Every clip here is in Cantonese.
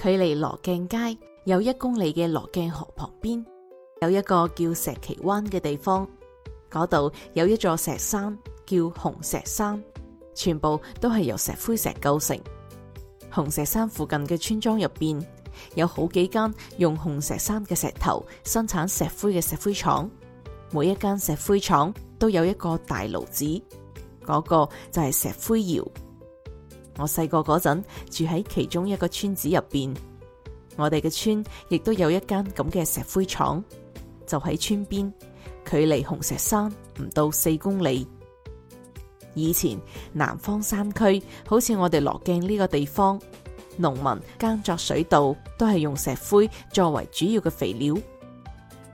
距離羅鏡街有一公里嘅羅鏡河旁邊，有一個叫石淇灣嘅地方，嗰度有一座石山叫紅石山，全部都係由石灰石構成。紅石山附近嘅村莊入邊，有好幾間用紅石山嘅石頭生產石灰嘅石灰廠，每一間石灰廠都有一個大爐子，嗰個就係石灰窯。我細個嗰陣住喺其中一個村子入邊，我哋嘅村亦都有一間咁嘅石灰廠，就喺村邊，距離紅石山唔到四公里。以前南方山區，好似我哋羅鏡呢個地方，農民耕作水稻都係用石灰作為主要嘅肥料。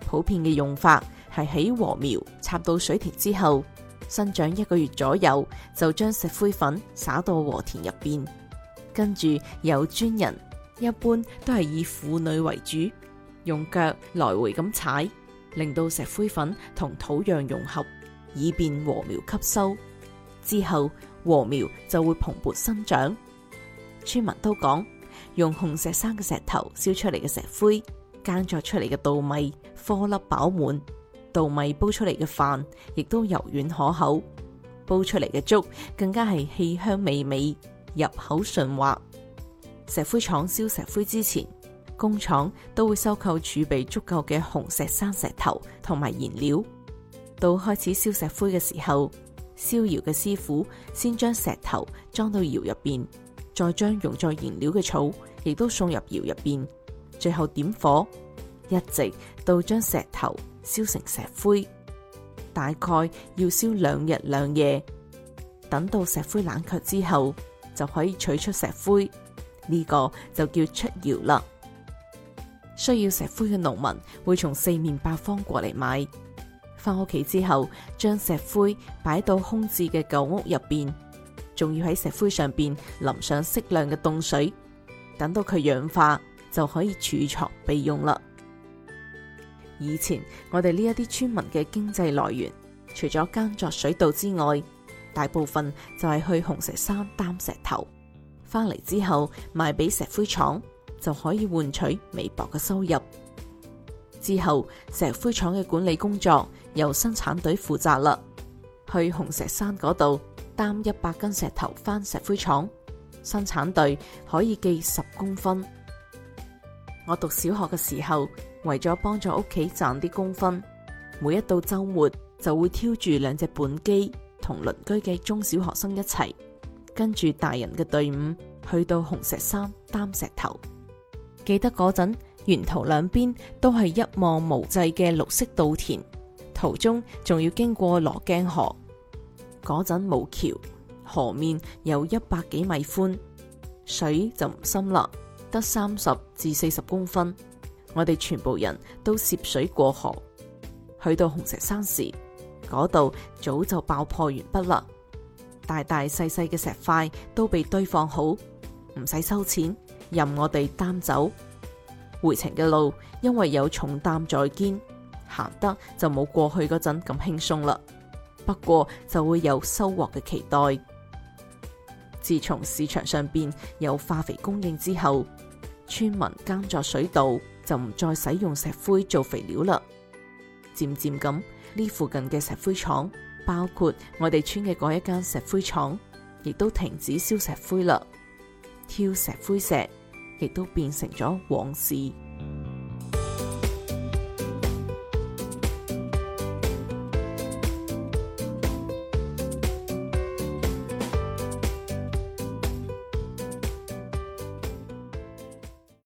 普遍嘅用法係喺禾苗插到水田之後。生長一個月左右，就將石灰粉撒到禾田入邊，跟住有專人，一般都係以婦女為主，用腳來回咁踩，令到石灰粉同土壤融合，以便禾苗吸收。之後禾苗就會蓬勃生長。村民都講，用紅石山嘅石頭燒出嚟嘅石灰，耕作出嚟嘅稻米顆粒飽滿。稻米煲出嚟嘅飯亦都柔軟可口，煲出嚟嘅粥更加係氣香味美，入口順滑。石灰廠燒石灰之前，工廠都會收購儲備足夠嘅紅石山石頭同埋燃料。到開始燒石灰嘅時候，燒窯嘅師傅先將石頭裝到窯入邊，再將用作燃料嘅草亦都送入窯入邊，最後點火，一直到將石頭。燒成石灰，大概要燒兩日兩夜，等到石灰冷卻之後，就可以取出石灰，呢個就叫出窯啦。需要石灰嘅農民會從四面八方過嚟買，翻屋企之後，將石灰擺到空置嘅舊屋入邊，仲要喺石灰上邊淋上適量嘅凍水，等到佢氧化，就可以儲藏備用啦。以前我哋呢一啲村民嘅經濟來源，除咗耕作水稻之外，大部分就係去紅石山擔石頭，翻嚟之後賣俾石灰廠就可以換取微薄嘅收入。之後石灰廠嘅管理工作由生產隊負責啦。去紅石山嗰度擔一百斤石頭翻石灰廠，生產隊可以記十工分。我讀小學嘅時候，為咗幫助屋企賺啲工分，每一到周末就會挑住兩隻畚箕，同鄰居嘅中小學生一齊，跟住大人嘅隊伍去到紅石山擔石頭。記得嗰陣，沿途兩邊都係一望無際嘅綠色稻田，途中仲要經過羅鏡河。嗰陣冇橋，河面有一百幾米寬，水就唔深啦。得三十至四十公分，我哋全部人都涉水過河。去到紅石山時，嗰度早就爆破完畢啦，大大細細嘅石塊都被堆放好，唔使收錢，任我哋擔走。回程嘅路，因為有重擔在肩，行得就冇過去嗰陣咁輕鬆啦。不過就會有收穫嘅期待。自從市場上邊有化肥供應之後，村民耕作水稻就唔再使用石灰做肥料啦。漸漸咁，呢附近嘅石灰廠，包括我哋村嘅嗰一間石灰廠，亦都停止燒石灰啦。挑石灰石亦都變成咗往事。